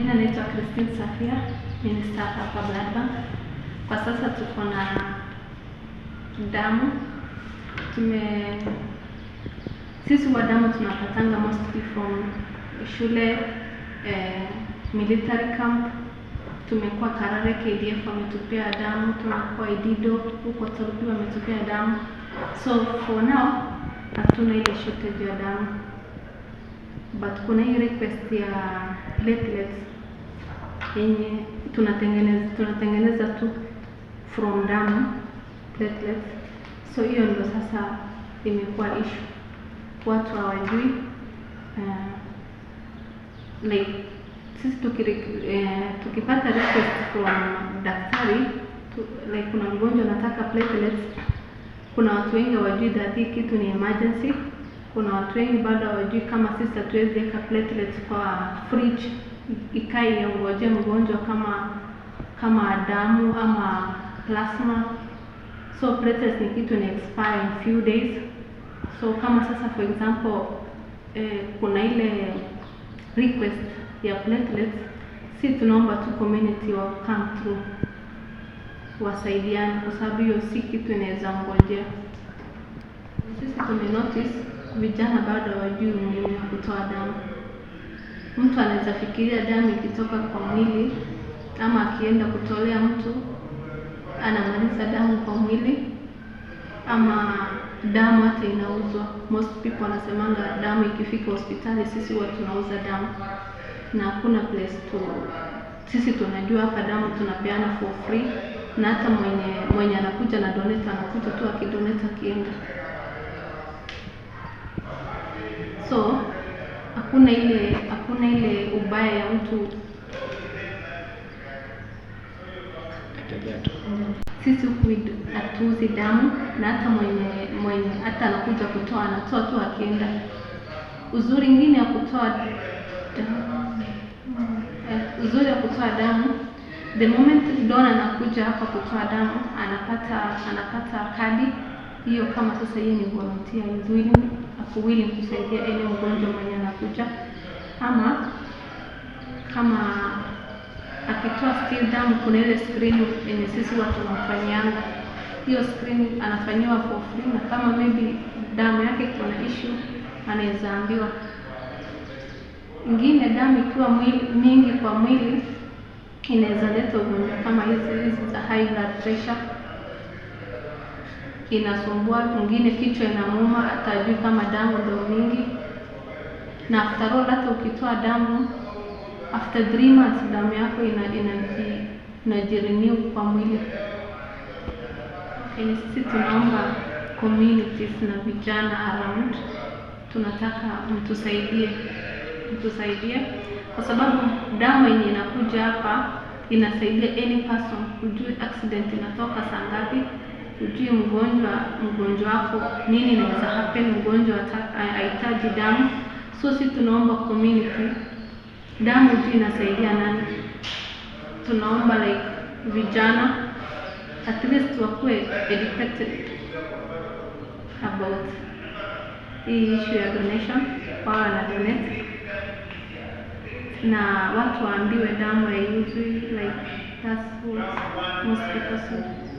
Jina naitwa Christine Safia, mimi ni staff hapa Blood Bank. Kwa sasa tuko na damu tume sisi wa damu tunapatanga mostly from shule eh, military camp. Tumekuwa Karare, KDF wametupia damu, tunakuwa Idido huko Torbi wametupia damu, so for now hatuna ile shortage ya damu but kuna hii request ya platelets yenye tunatengeneza tunatengeneza tu from damu platelets, so hiyo ndio sasa imekuwa issue, watu hawajui uh, like sisi tukiri, eh, tukipata request from daktari tu, like kuna mgonjwa anataka platelets, kuna watu wengi hawajui that hii kitu ni emergency kuna watu wengi bado hawajui kama sisi hatuwezi weka platelets kwa fridge ikae iongojee mgonjwa kama kama damu ama plasma. So platelets ni kitu ni expire in few days. So kama sasa for example eh, kuna ile request ya platelets, si tunaomba tu community wa come through wasaidiane, kwa sababu hiyo si kitu inaweza ngojea. Sisi tume notice Vijana bado hawajui umuhimu wa kutoa damu. Mtu anaweza fikiria damu ikitoka kwa mwili ama akienda kutolea mtu anamaliza damu kwa mwili, ama damu hata inauzwa. Most people wanasemanga damu ikifika hospitali, sisi huwa tunauza damu na hakuna place to sisi tunajua hapa damu tunapeana for free, na hata mwenye mwenye anakuja na donate anakuja tu akidonate akienda so hakuna ile hakuna ile ubaya ya mtu sisi huku hatuuzi damu na hata mwenye mwenye hata anakuja kutoa anatoa tu akienda. Uzuri ngine ya kutoa damu, uzuri wa kutoa damu, the moment dona anakuja hapa kutoa damu anapata anapata kadi hiyo kama sasa yeye ni volunteer is willing ako willing kusaidia ile mgonjwa mwenye anakuja, ama kama akitoa still damu, kuna ile screen yenye sisi watu wanafanyanga hiyo screen, anafanyiwa for free, na kama maybe damu yake kuna issue anaweza ambiwa. Ingine damu ikiwa mwili, mingi kwa mwili inaweza leta ugonjwa kama hizi hizi za high blood pressure inasumbua, mwingine kichwa inamuuma, atajui kama damu ndio mingi. Na after all hata ukitoa damu after three months damu yako inajirenew kwa mwili. Lakini sisi tunaomba communities na vijana around, tunataka mtusaidie, mtusaidie kwa sababu damu yenye inakuja hapa inasaidia any person kujua accident inatoka saa ngapi utie mgonjwa mgonjwa wako nini inaweza happen, mgonjwa ahitaji damu, so si tunaomba community damu tu inasaidia nani? Tunaomba like vijana at least wakuwe educated about hii issue ya donation, wawa na donate na watu waambiwe damu haiuzwi, like that's what most people say.